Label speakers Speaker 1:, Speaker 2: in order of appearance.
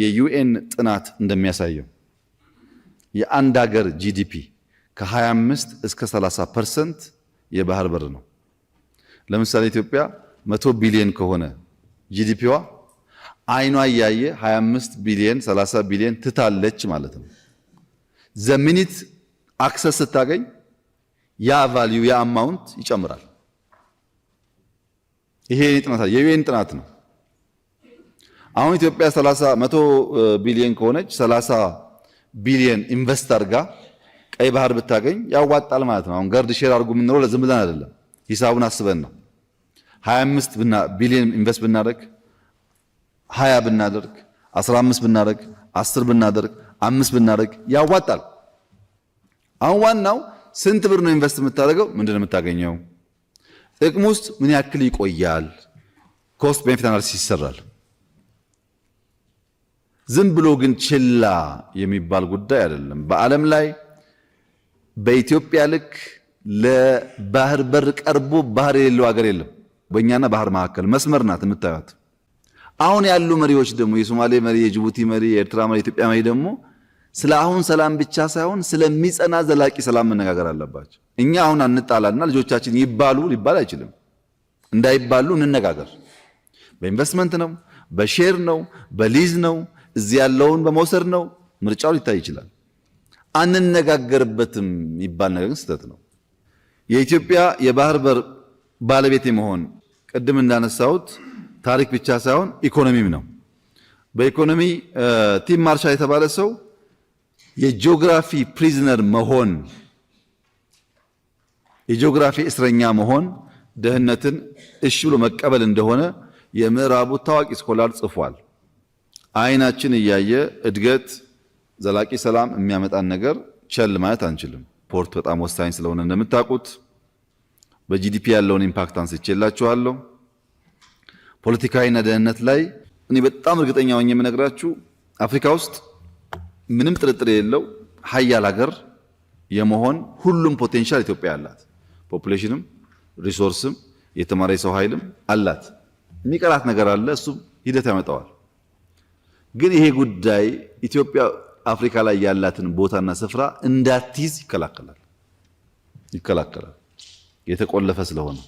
Speaker 1: የዩኤን ጥናት እንደሚያሳየው የአንድ ሀገር ጂዲፒ ከ25 እስከ 30 ፐርሰንት የባህር በር ነው። ለምሳሌ ኢትዮጵያ 100 ቢሊዮን ከሆነ ጂዲፒዋ አይኗ እያየ 25 ቢሊዮን 30 ቢሊዮን ትታለች ማለት ነው። ዘሚኒት አክሰስ ስታገኝ ያ ቫልዩ ያ አማውንት ይጨምራል። ይሄ የኔ ጥናት የዩኤን ጥናት ነው። አሁን ኢትዮጵያ 30 መቶ ከሆነች 30 ቢሊየን ኢንቨስት አድርጋ ቀይ ባህር ብታገኝ ያዋጣል ማለት ነው። አሁን ጋርድ ሼር አድርጉ የምንለው ለዝም ብለን አይደለም፣ ሂሳቡን አስበን ነው። 25 ቢሊዮን ኢንቨስት ብናደርግ፣ 20 ብናደርግ፣ 15 ብናደርግ፣ 10 ብናደርግ፣ 5 ብናደርግ ያዋጣል። አሁን ዋናው ስንት ብር ነው ኢንቨስት የምታደርገው? ምንድን ነው የምታገኘው? ጥቅም ውስጥ ምን ያክል ይቆያል? ኮስት ቤኔፊት አናሊሲስ ይሰራል። ዝም ብሎ ግን ችላ የሚባል ጉዳይ አይደለም። በዓለም ላይ በኢትዮጵያ ልክ ለባህር በር ቀርቦ ባህር የሌለው ሀገር የለም። በእኛና ባህር መካከል መስመር ናት የምታዩት። አሁን ያሉ መሪዎች ደግሞ የሶማሌ መሪ፣ የጅቡቲ መሪ፣ የኤርትራ መሪ፣ የኢትዮጵያ መሪ ደግሞ ስለ አሁን ሰላም ብቻ ሳይሆን ስለሚጸና ዘላቂ ሰላም መነጋገር አለባቸው። እኛ አሁን አንጣላና ልጆቻችን ይባሉ ሊባል አይችልም። እንዳይባሉ እንነጋገር። በኢንቨስትመንት ነው፣ በሼር ነው፣ በሊዝ ነው እዚህ ያለውን በመውሰድ ነው። ምርጫው ሊታይ ይችላል። አንነጋገርበትም ይባል ነገር ግን ስህተት ነው። የኢትዮጵያ የባህር በር ባለቤት የመሆን ቅድም እንዳነሳሁት ታሪክ ብቻ ሳይሆን ኢኮኖሚም ነው። በኢኮኖሚ ቲም ማርሻል የተባለ ሰው የጂኦግራፊ ፕሪዝነር መሆን የጂኦግራፊ እስረኛ መሆን ድህነትን እሺ ብሎ መቀበል እንደሆነ የምዕራቡ ታዋቂ ስኮላር ጽፏል። አይናችን እያየ እድገት፣ ዘላቂ ሰላም የሚያመጣን ነገር ቸል ማለት አንችልም። ፖርት በጣም ወሳኝ ስለሆነ እንደምታውቁት በጂዲፒ ያለውን ኢምፓክት አንስቼላችኋለሁ። ፖለቲካዊና ደህንነት ላይ እኔ በጣም እርግጠኛ ሆኜ የምነግራችሁ አፍሪካ ውስጥ ምንም ጥርጥር የለው ሀያል ሀገር የመሆን ሁሉም ፖቴንሻል ኢትዮጵያ አላት። ፖፑሌሽንም፣ ሪሶርስም፣ የተማረ የሰው ኃይልም አላት። የሚቀራት ነገር አለ። እሱም ሂደት ያመጣዋል። ግን ይሄ ጉዳይ ኢትዮጵያ አፍሪካ ላይ ያላትን ቦታና ስፍራ እንዳትይዝ ይከላከላል ይከላከላል የተቆለፈ ስለሆነ